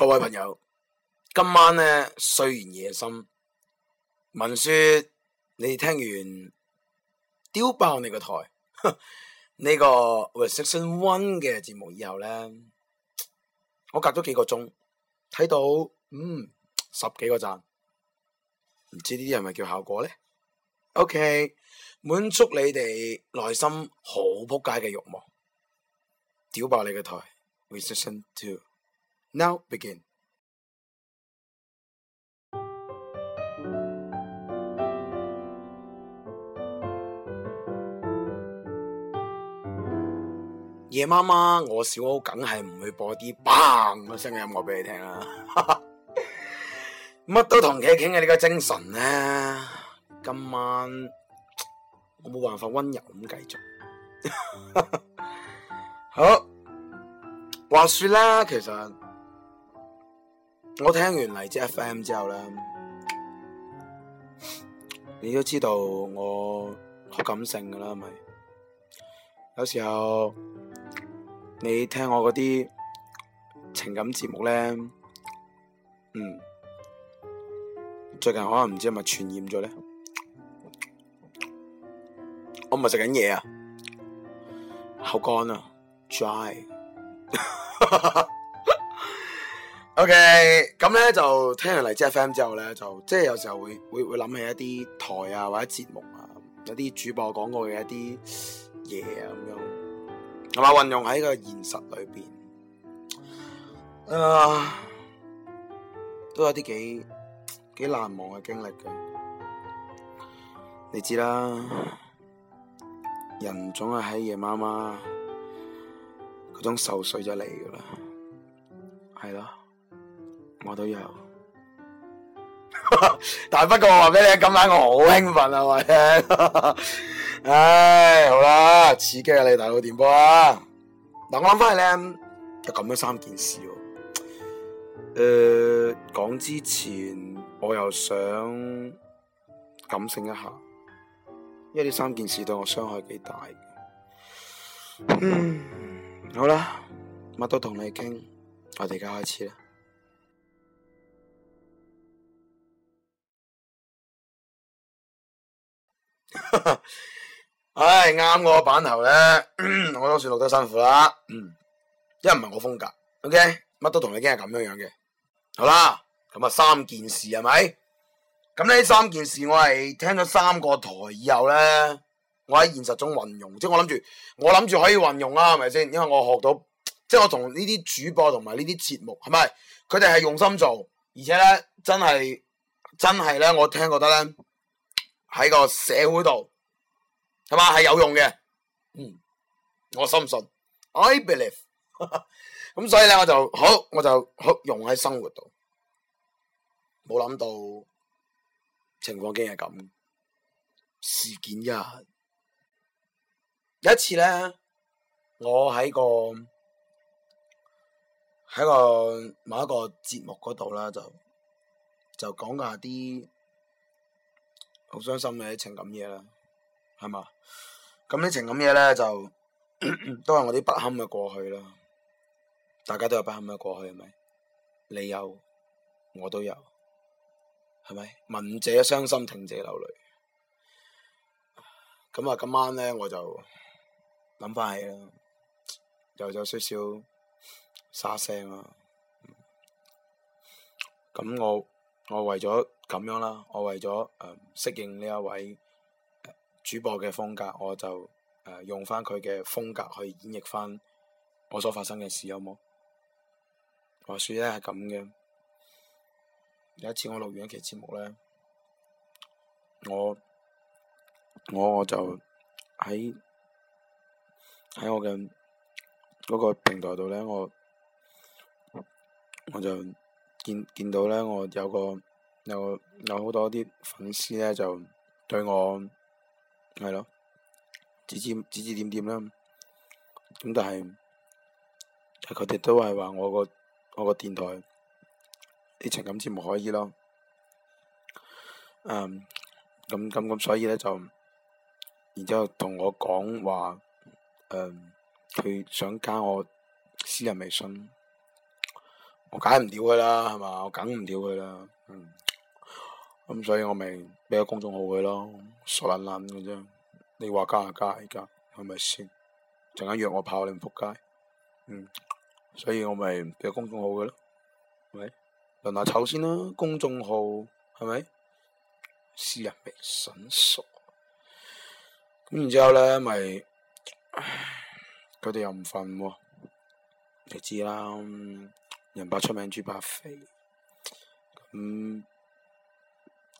各位朋友，今晚呢雖然夜深，文說你哋聽完屌爆你個台，這個台呢個 section one 嘅節目以後咧，我隔咗幾個鐘睇到嗯十幾個讚，唔知呢啲係咪叫效果咧？OK，滿足你哋內心好撲街嘅慾望，屌爆你個台 section two。Now begin。夜媽媽，我小屋梗係唔會播啲嘭嘅聲嘅音樂俾你聽啦，啊。乜 都同佢傾嘅呢個精神咧，今晚我冇辦法溫柔咁繼續。 好，話說啦，其實。我聽完荔枝 F.M. 之後咧，你都知道我好感性噶啦，咪有時候你聽我嗰啲情感節目咧，嗯，最近可能唔知係咪傳染咗咧，我唔係食緊嘢啊，口乾啊，dry。 O K，咁咧就聽完荔枝 F M 之後咧，就即係有時候會會會諗起一啲台啊或者節目啊，有啲主播講過嘅一啲嘢啊咁樣，同埋運用喺個現實裏邊，啊、uh，都有啲幾幾難忘嘅經歷嘅，你知啦，人總係喺夜媽媽嗰種愁緒就嚟噶啦，係咯。我都有， 但係不過我話俾你，今晚我好興奮啊！我聽，唉、 哎，好啦，刺激下、啊、你大佬電波啊！嗱，我諗翻嚟咧，就咁樣三件事，誒、呃，講之前我又想感性一下，因為呢三件事對我傷害幾大。嗯，好啦，乜都同你傾，我哋而家開始啦。 唉，啱我版頭咧、嗯，我都算錄得辛苦啦。嗯，因為唔係我風格，OK，乜都同你驚係咁樣樣嘅。好啦，咁啊三件事係咪？咁呢三件事，我係聽咗三個台以後咧，我喺現實中運用，即係我諗住，我諗住可以運用啦，係咪先？因為我學到，即係我同呢啲主播同埋呢啲節目，係咪？佢哋係用心做，而且咧真係真係咧，我聽，覺得咧。喺個社會度，係嘛？係有用嘅。嗯，我深信，I believe，咁 所以咧，我就好，我就好用喺生活度，冇諗到情況竟然係咁事件呀！有一次咧，我喺個喺個某一個節目嗰度啦，就就講一下啲。好傷心嘅啲情感嘢啦，係嘛？咁啲情感嘢咧就咳咳都係我啲不堪嘅過去啦。大家都有不堪嘅過去係咪？你有，我都有，係咪？聞者傷心，聽者流淚。咁啊，今晚咧我就諗翻起啦，又有少少沙聲啦。咁我。.我為咗咁樣啦，我為咗誒適應呢一位主播嘅風格，我就誒用翻佢嘅風格去演繹翻我所發生嘅事，有冇？話説咧係咁嘅，有一次我錄完一期節目咧，我我，我就喺喺我嘅嗰個平台度咧，我我就。見見到咧，我有個有個有好多啲粉絲咧，就對我係咯指指指指點點啦。咁、啊、但係佢哋都係話我個我個電台啲情、這個、感節目可以咯。嗯、啊，咁咁咁，所以咧就然之後同我講話，誒，佢、呃、想加我私人微信。我梗唔屌佢啦，係嘛？我梗唔屌佢啦，嗯。咁所以我咪俾個公眾號佢咯，傻捻捻嘅啫。你話加就加，而家係咪先？陣間約我跑你唔仆街，嗯。所以我咪俾個公眾號佢咯，係咪？輪流抽先啦，公眾號係咪？私人微信傻。咁然之後咧，咪佢哋又唔瞓喎，你知啦。人白出名豬白肥，咁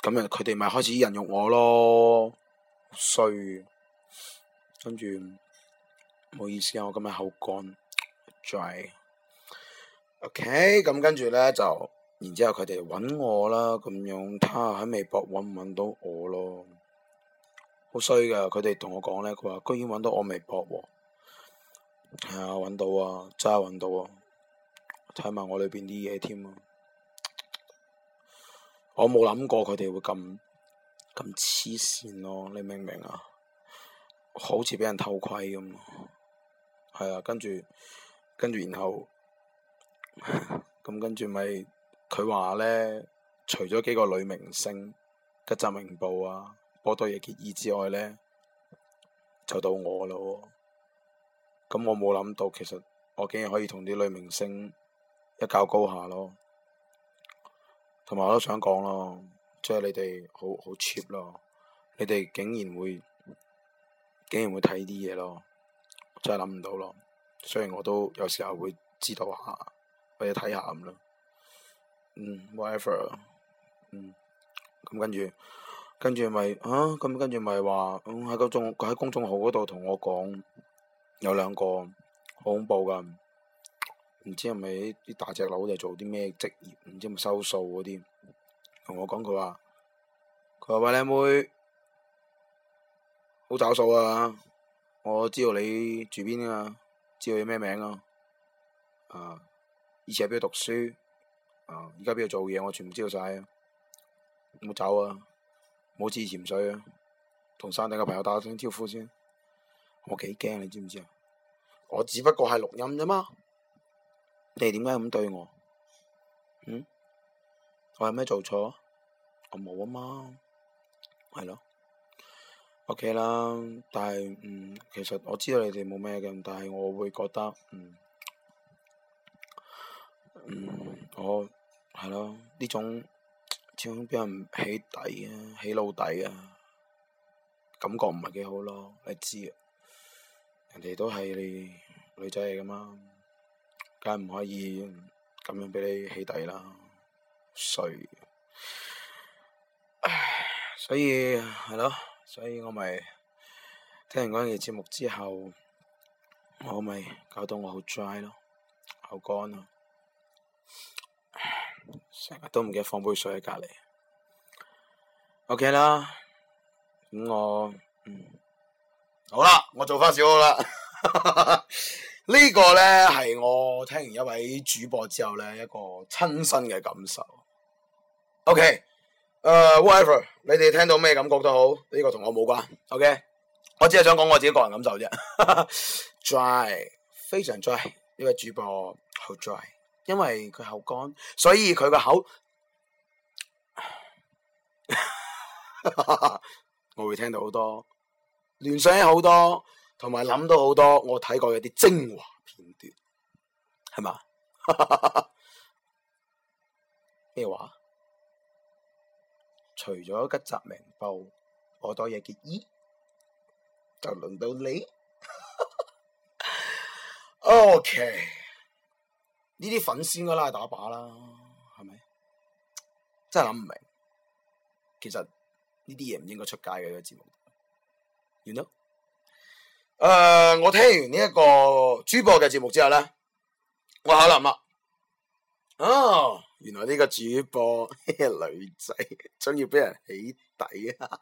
咁又佢哋咪開始人肉我咯，衰，跟住唔好意思啊，我今日口乾 dry。OK，咁跟住咧就，然之後佢哋揾我啦，咁樣睇下喺微博揾唔揾到我咯，好衰噶！佢哋同我講咧，佢話居然揾到我微博喎，係啊，揾到啊，真係揾到啊！睇埋我裏邊啲嘢添啊！我冇諗過佢哋會咁咁黐線咯，你明唔明啊？好似俾人偷窺咁，係啊，跟住跟住然後咁 跟住咪佢話咧，除咗幾個女明星吉澤明步啊、波多野結衣之外咧，就到我啦喎，哦！咁我冇諗到，其實我竟然可以同啲女明星～一較高下咯，同埋我都想講咯，即係你哋好好 cheap 咯，你哋竟然會竟然會睇啲嘢咯，真係諗唔到咯。雖然我都有時候會知道下或者睇下咁咯，嗯，whatever，嗯，咁跟住跟住咪、就是、啊，咁跟住咪話喺個公喺公眾號嗰度同我講有兩個好恐怖㗎。唔知係咪啲大隻佬定做啲咩職業？唔知咪收數嗰啲。同我講佢話，佢話：喂，靚妹，好找數啊！我知道你住邊啊，知道你咩名咯，啊。啊，以前喺邊度讀書？啊，而家邊度做嘢？我全部知道晒。唔好走啊！冇試潛水啊！同山頂嘅朋友打聲招呼先。我幾驚，啊，你知唔知啊？我只不過係錄音啫嘛。你哋點解咁對我？嗯？我有咩做錯？我冇啊嘛，係咯。OK 啦，但係嗯，其實我知道你哋冇咩嘅，但係我會覺得嗯嗯，我係咯呢種始終畀人起底啊，起老底啊，感覺唔係幾好咯。你知啊，人哋都係你女仔嚟噶嘛。梗係唔可以咁樣俾你起底啦，衰、啊！所以係咯，所以我咪聽完嗰期節目之後，我咪搞到我好 dry 咯，好乾啊！成日都唔記得放杯水喺隔離。OK 啦，咁我嗯，好啦，我做翻小學啦。 呢個呢，係我聽完一位主播之後呢，一個親身嘅感受。OK，誒，uh，whatever，你哋聽到咩感覺都好，呢個同我冇關。OK，我只係想講我自己個人感受啫。 Dry，非常 dry，呢位主播好 dry，因為佢口乾，所以佢個口， 我會聽到好多聯想，好多。同埋諗到好多我睇過嘅啲精華片段，係嘛？咩 話？除咗吉澤明步，波多野結衣， 就輪到你。 OK，呢啲粉絲應該拉打靶啦，係咪？真係諗唔明。其實呢啲嘢唔應該出街嘅呢、這個節目。完啦。誒，uh, 我聽完呢一個主播嘅節目之後咧，我好諗啦，啊，oh, 原來呢個主播 女仔中意俾人起底啊，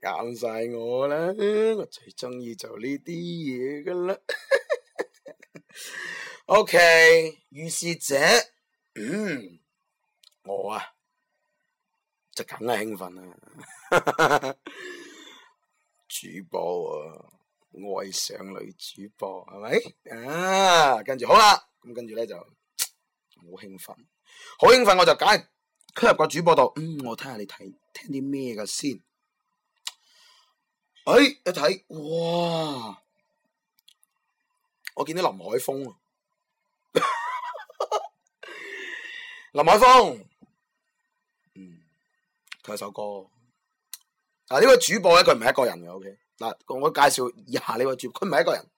搞 晒我啦，我最中意做呢啲嘢噶啦。OK，於是者，嗯，我啊，就梗係興奮啦， 主播啊。愛上女主播係咪？啊，跟住好啦，咁跟住咧就好興奮，好興奮，我就揀佢入個主播度。嗯，我睇下你睇聽啲咩㗎先。哎，一睇哇，我見到林海峰、啊、 林海峰，嗯，佢有首歌。啊，呢、這個主播咧，佢唔係一個人嘅，O K。Okay? 嗱，我介紹以下你位主播，佢唔係一個人，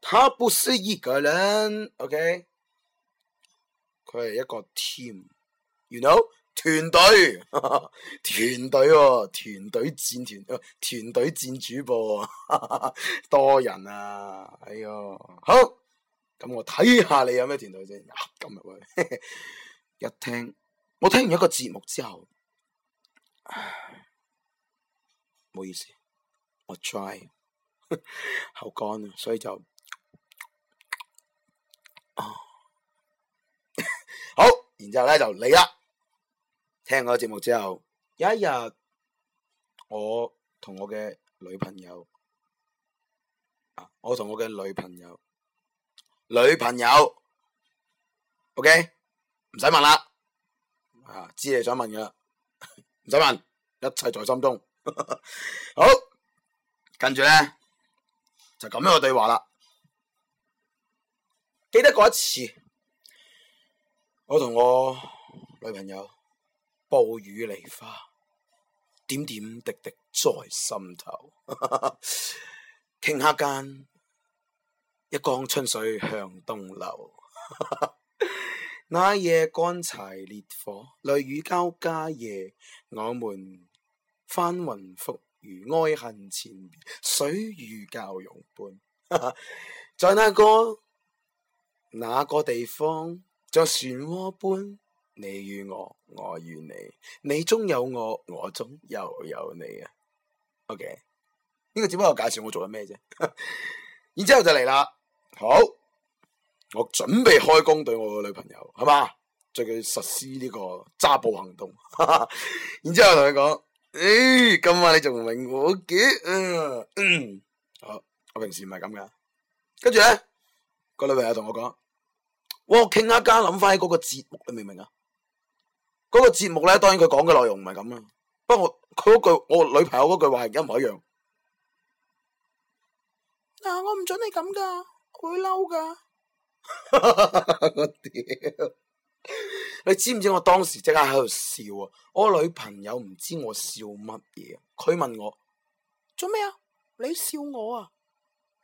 他不是一個人，OK？佢係一個 n o w 團隊，哈哈團隊喎、哦，團隊戰團，團隊戰主播，哈哈多人啊，哎喲，好，咁我睇下你有咩團隊先。咁啊今喂， 一聽我聽完一個節目之後，唔好意思。我 dry，好乾啊，所以就哦好，然之後咧就嚟啦。聽我節目之後，有一日我同我嘅女朋友，我同我嘅女朋友，女朋友，OK，唔使問啦，啊知你想問噶啦，唔使問，一切在心中，好。跟住咧，就咁樣個對話啦。記得嗰一次，我同我女朋友，暴雨梨花，點點滴滴在心頭。傾 下間，一江春水向東流。 那夜乾柴烈火，淚雨交加夜，我們翻雲覆。如愛恨纏綿，水乳交融般。在 那個、那個地方，像漩渦般，你與我，我與你，你中有我，我中又有，有你啊。OK，呢個只不過介紹我做緊咩啫。 然之後就嚟啦，好，我準備開工對我個女朋友，係嘛，對佢實施呢個揸捕行動。 然之後同佢講。誒，咁、哎、晚你仲唔明我嘅？嗯，好，我平時唔係咁噶。跟住咧，個女朋友同我講，我傾下家諗翻起嗰個節目，你明唔明啊？嗰、那個節目咧，當然佢講嘅內容唔係咁啦。不過佢嗰句，我女朋友嗰句話係一模一樣。嗱、啊，我唔准你咁噶，會嬲噶。我屌！ 你知唔知我當時即刻喺度笑啊？我女朋友唔知我笑乜嘢，佢問我做咩啊？你笑我啊？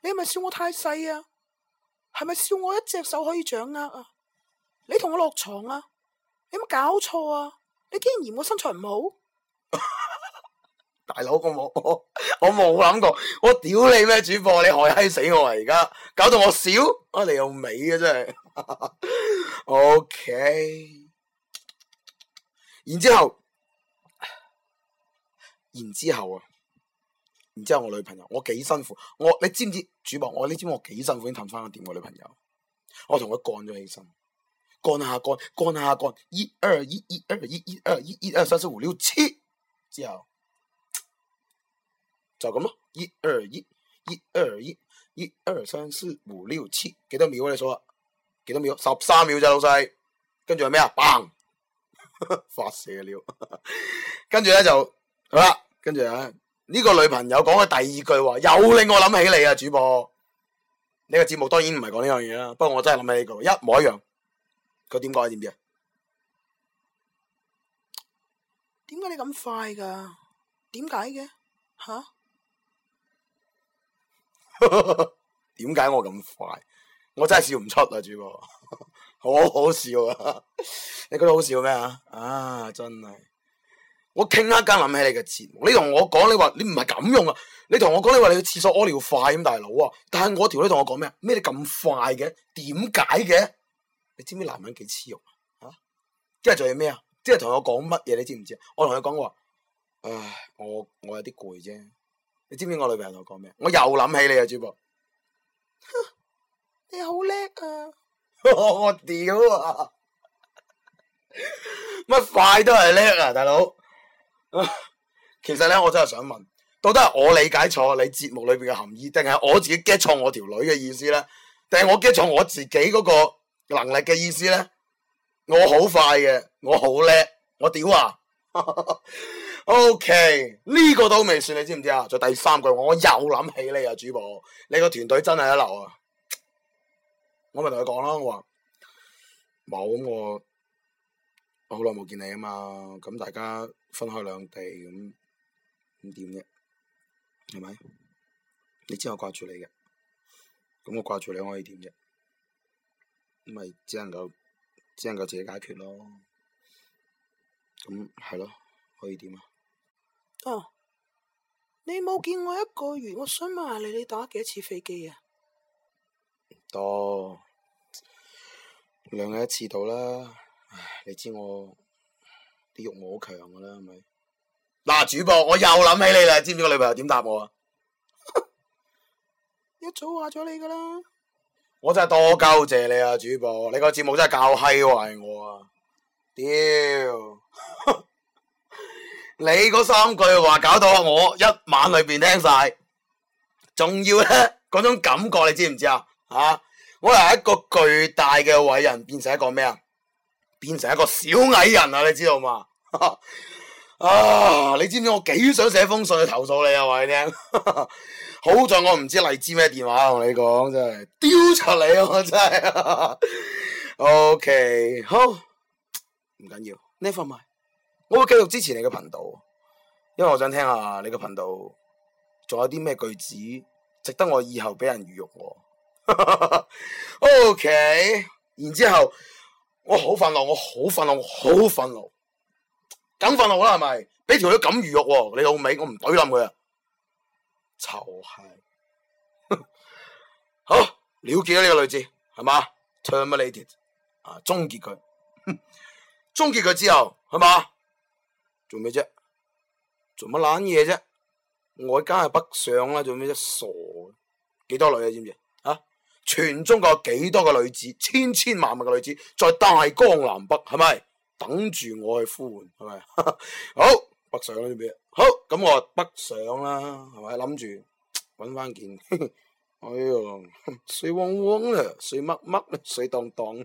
你係咪笑我太細啊？係咪笑我一隻手可以掌握啊？你同我落床啊？你有冇搞錯啊？你竟然嫌我身材唔好？ 大佬，我冇我冇諗過，我屌你咩主播？你害閪死我啊！而家搞到我笑啊！你又美啊，真係 ，OK。然之後，然之後啊，然之後我女朋友，我幾辛苦，我你知唔知？主播，我你知唔知我幾辛苦先氹翻個掂我女朋友，我同佢幹咗起身，幹下幹，幹下幹，一二一一二一一二一二三四五六七，之後就就咁咯，一二一，一二一，一二三四五六七，幾多秒啊，你數下啊，幾多秒？十三秒咋老細？跟住係咩啊？嘣！ 發射瘋了 跟呢，跟住咧就好啦。跟住啊，呢個女朋友講嘅第二句話，又令我諗起你啊，主播。呢、這個節目當然唔係講呢樣嘢啦，不過我真係諗起呢、這個，一模一樣。佢點講？你知唔知啊？點解、啊、你咁快噶？點解嘅吓？點、啊、解 我咁快？我真係笑唔出啦、啊，主播。 好好笑啊！你覺得好笑咩啊？啊，真係！我傾一間諗起你嘅節目，你同我講你話你唔係咁用啊！你同我講你話你去廁所屙尿快咁，啊、大佬啊！但係我條女同我講咩啊？咩你咁快嘅？點解嘅？你知唔知男人幾恥辱啊？吓？即係做要咩啊？即係同我講乜嘢？你知唔知啊？我同佢講我話唉，我我有啲攰啫。你知唔知我女朋友同我講咩？我又諗起你啊，主播。你好叻啊！ 我屌麼啊！乜 快都係叻啊，大佬。 其實呢，我真係想問，到底係我理解錯你節目裏邊嘅含義，定係我自己 get 錯我條女嘅意思呢？定係我 get 錯我自己嗰個能力嘅意思呢？我好快嘅，我好叻，我屌啊 ！OK，呢個都未算，你知唔知啊？就第三句，我又諗起你啊，主播，你個團隊真係一流啊！我咪同佢講咯，我話冇咁我好耐冇見你啊嘛，咁大家分開兩地咁點啫，係咪？你知我掛住你嘅，咁我掛住你可以點啫？咁咪只能夠只能夠自己解決咯。咁係咯，可以點啊？哦，你冇見我一個月，我想問下你，你打幾多次飛機啊？唔多、哦。兩日一次到啦，唉，你知我啲肉我好強噶啦，係咪？嗱，主播我又諗起你啦，知唔知個女朋友點答我啊？一早話咗你噶啦，我真係多鳩謝你啊，主播！你個節目真係教閪壞我啊！屌， 你嗰三句話搞到我一晚裏邊聽晒，仲要咧嗰種感覺你知唔知啊？吓！我由一個巨大嘅偉人變成一個咩啊？變成一個小矮人啊！你知道嘛？ 啊！你知唔知我幾想寫封信去投訴你啊？話你聽， 好在我唔知荔枝咩電話，同你講、啊、真係丟出嚟，我真係。O K，好，唔緊要，呢份咪，我會繼續支持你嘅頻道，因為我想聽下你嘅頻道仲有啲咩句子值得我以後俾人侮辱喎。 o、okay, K，然之後我好憤怒，我好憤怒，我好憤怒，梗 憤怒啦係咪？俾條女咁魚肉、哦，你老味，我唔懟冧佢啊！就係 好了,結了，結咗呢個女子係嘛？Terminated 啊，終結佢， 終結佢之後係嘛？做咩啫？做乜懶嘢啫？我而家係北上啦，做咩啫？傻，幾多女啊？知唔知啊？全中國有幾多個女子，千千萬萬嘅女子，在大江南北，係咪等住我去呼喚？係咪？ 好北上呢邊，好咁我北上啦，係咪諗住搵翻件？ 哎呀，水汪汪啦，水乜乜水蕩蕩。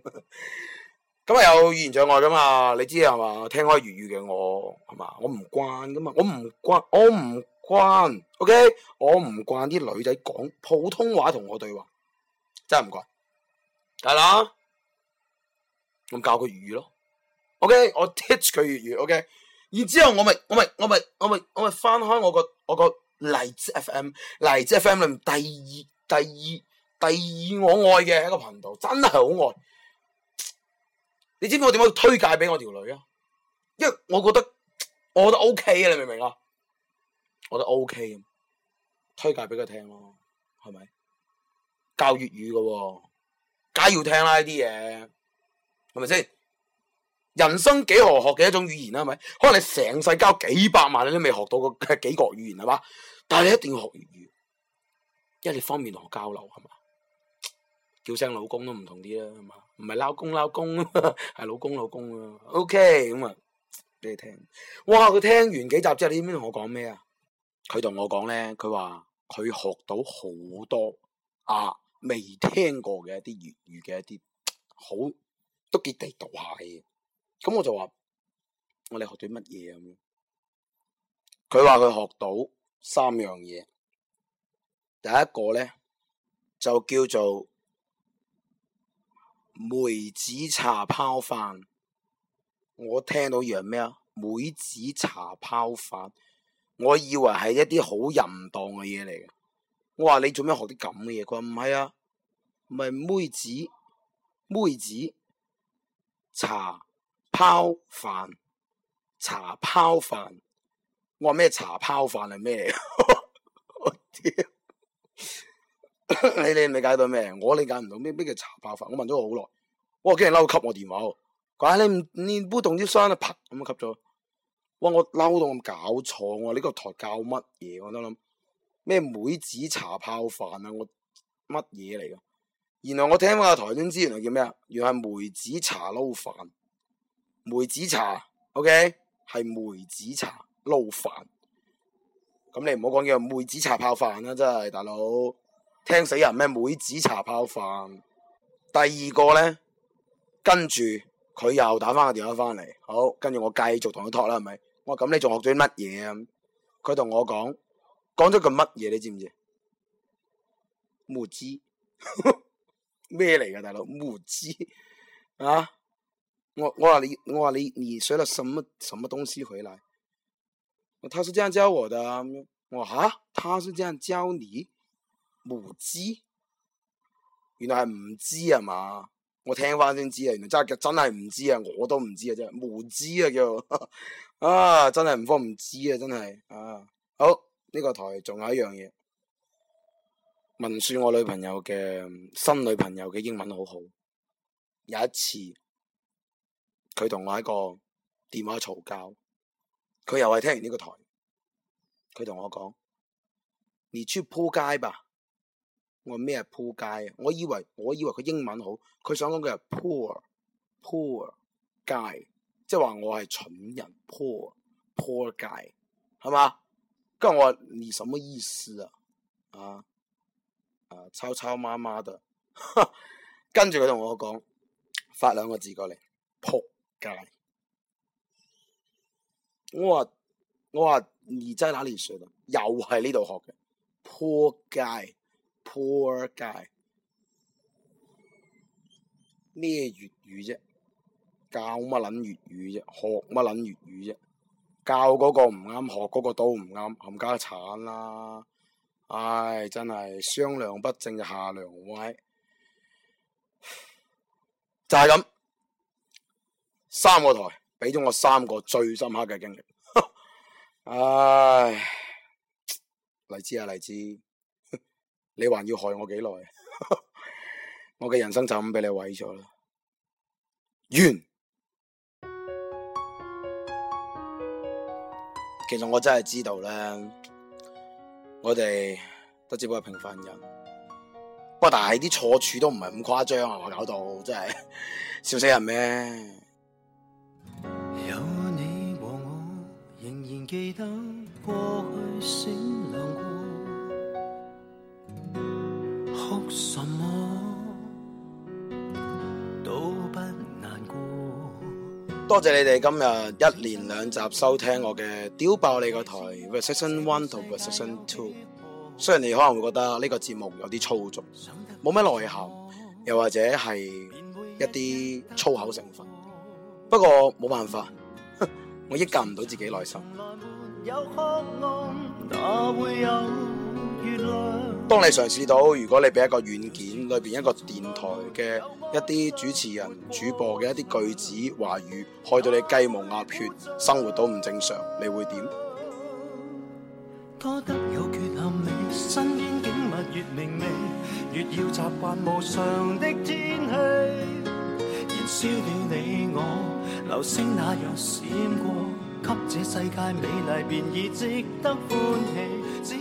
咁啊 有語言障礙噶嘛？你知係嘛？聽開粵語嘅我係嘛？我唔慣噶嘛？我唔慣，我唔慣,我唔慣，OK，我唔慣啲女仔講普通話同我對話。真唔怪，係啦，我教佢粵語咯。OK，我 teach 佢粵語。OK，然之後我咪我咪我咪我咪我咪翻開我，我個我個荔枝 FM，荔枝 FM 裏面第二第二第二我愛嘅一個頻道，真係好愛。你知唔知我點樣推介俾我條女啊？因為我覺得我覺得 OK 啊，你明唔明啊？我覺得 OK，啊，推介俾佢聽咯，啊，係咪？教粵語嘅。哦，梗係要聽啦呢啲嘢，係咪先？人生幾何學嘅一種語言啦，係咪？可能你成世交幾百萬，你都未學到個幾國語言係嘛？但係你一定要學粵語，因為你方便同我交流係嘛？叫聲老公都唔同啲啦，係嘛？唔係撈公撈公，係老公老公啦。 OK，咁，嗯、啊，俾你聽。哇！佢聽完幾集之後，你知唔知同我講咩啊？佢同我講咧，佢話佢學到好多啊。未聽過嘅一啲粵語嘅一啲好都幾地道下嘅嘢。咁我就話我哋學咗乜嘢咁樣，佢話佢學到三樣嘢，第一個咧就叫做梅子茶泡飯，我聽到樣咩啊？梅子茶泡飯，我以為係一啲好淫蕩嘅嘢嚟嘅。我話你做咩學啲咁嘅嘢？佢話唔係啊，唔係妹子，妹子茶泡飯，茶泡飯。我話咩茶泡飯係咩？我屌！ 你理唔理解到咩？我理解唔到咩？咩叫茶泡飯？我問咗佢好耐，我竟然嬲，吸我電話。佢話你唔你撥動啲箱啦，啪咁吸扱咗。哇！我嬲到我搞錯，啊，我呢個台教乜嘢？我都諗。咩梅子茶泡飯啊？我乜嘢嚟噶？原來我聽翻個台端資源，係叫咩啊？原來係梅子茶撈飯，梅子茶，OK，係梅子茶撈飯。咁你唔好講叫梅子茶泡飯啦、啊，真係，大佬聽死人咩梅子茶泡飯？第二個咧，跟住佢又打翻個電話翻嚟，好，跟住我繼續同佢托啦，係咪？我話咁你仲學咗啲乜嘢啊？佢同我講。講咗個乜嘢你知唔知？無知咩嚟噶，大佬無知啊！我我話你我話你，你學咗什麼什麼東西回嚟？「他是這樣教我的、啊。我吓啊，他是這樣教你無知？原來係唔知啊嘛？我聽翻先知啊，原來真係真係唔知啊！我都唔知啊，真係無知啊叫啊，真係唔方唔知啊，真係啊好。呢個台仲有一樣嘢，文説我女朋友嘅新女朋友嘅英文好好。有一次，佢同我喺個電話嘈交，佢又係聽完呢個台，佢同我講，你出 p 街吧。我咩係 p 街啊？我以為我以為佢英文好，佢想講佢係 po，po o r o r 街，即係話我係蠢人 po，po o r o r 街，係嘛？咁我你什麼意思啊？啊啊，吵吵媽媽的， 跟住佢同我講，發兩個字過嚟，仆街蛋。我話我話，你真係喺邊度？又喺呢度學嘅，仆街，仆街，咩粵語啫？教乜撚粵語啫？學乜撚粵語啫？教嗰個唔啱，學嗰個都唔啱，冚家鏟啦！唉，真係上梁不正下梁歪， 就係咁。三個台畀咗我三個最深刻嘅經歷。 唉，黎智啊黎智，你還要害我幾耐？ 我嘅人生就咁俾你毀咗啦。完。其實我真係知道咧，我哋都只不過平凡人，不過但係啲錯處都唔係咁誇張啊！搞到真係笑死人咩？有你和我，仍然記得過去閃亮過，哭什麼？多謝你哋今日一連兩集收聽我嘅屌爆你個台，session one 同 session two。雖然你可能會覺得呢個節目有啲粗俗，冇咩內涵，又或者係一啲粗口成分，不過冇辦法， 我抑制唔到自己內心。當你嘗試到，如果你俾一個軟件裏邊一個電台嘅一啲主持人主播嘅一啲句子話語，害到你雞毛鴨血，生活都唔正常，你會點？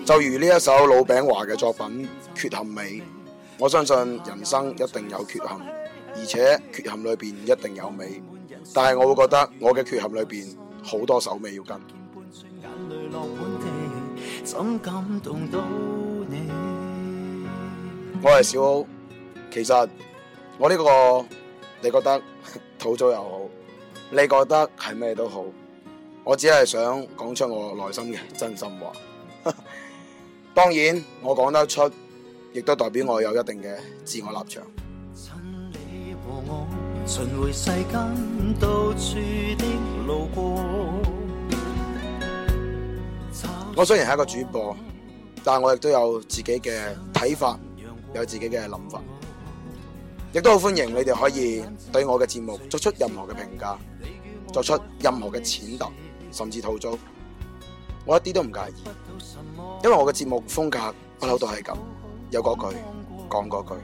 就如呢一首老餅華嘅作品《缺陷美》，我相信人生一定有缺陷，而且缺陷裏邊一定有美。但係我會覺得我嘅缺陷裏邊好多手尾要跟。 我係小歐，其實我呢、這個你覺得 土著又好，你覺得係咩都好。我只係想講出我內心嘅真心話， 當然我講得出，亦都代表我有一定嘅自我立場。我,我,我雖然係一個主播，但我亦都有自己嘅睇法，有自己嘅諗法，亦都好歡迎你哋可以對我嘅節目作出任何嘅評價，作出任何嘅淺談。甚至吐槽，我一啲都唔介意，因為我嘅節目風格不嬲都係咁，有嗰句，講嗰句。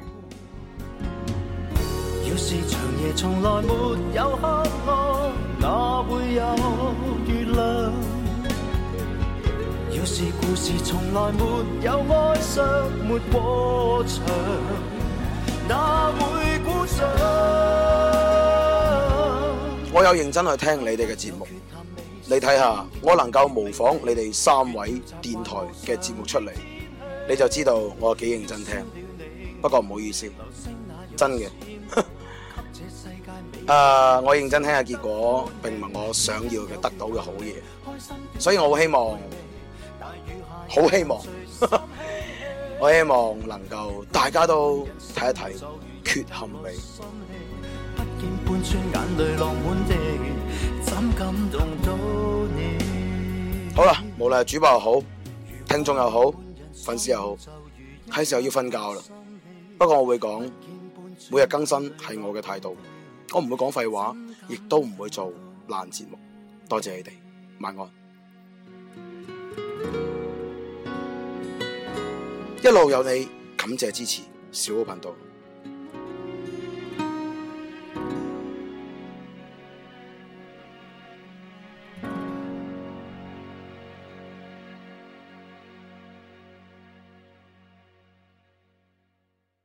我有認真去聽你哋嘅節目。你睇下，我能夠模仿你哋三位電台嘅節目出嚟，你就知道我幾認真聽。不過唔好意思，真嘅。誒、 啊，我認真聽下結果，並唔係我想要嘅，得到嘅好嘢。所以我好希望，好希望， 我希望能夠大家都睇一睇《缺陷美》。好啦，無論係主播又好，聽眾又好，粉絲又好，係時候要瞓覺啦。不過我會講，每日更新係我嘅態度，我唔會講廢話，亦都唔會做爛節目。多謝你哋，晚安。一路有你，感謝支持小好頻道。